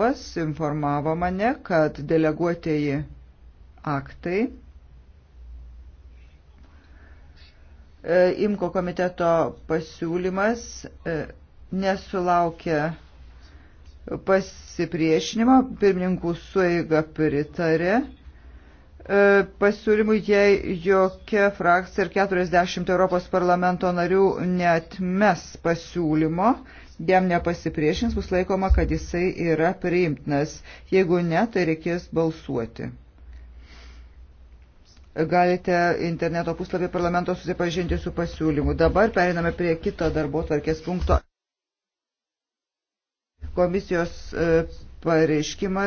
vadovas informavo mane, kad deleguotieji aktai e, Imko komiteto pasiūlymas e, nesulaukė pasipriešinimo, pirmininkų sueiga pritarė. E, pasiūlymų, jei jokia frakcija ir 40 Europos parlamento narių netmes pasiūlymo, jam nepasipriešins, bus laikoma, kad jisai yra priimtinas. Jeigu ne, tai reikės balsuoti. Galite interneto puslapį parlamento susipažinti su pasiūlymu. Dabar periname prie kito darbo tvarkės punkto. Komisijos e, pareiškimas.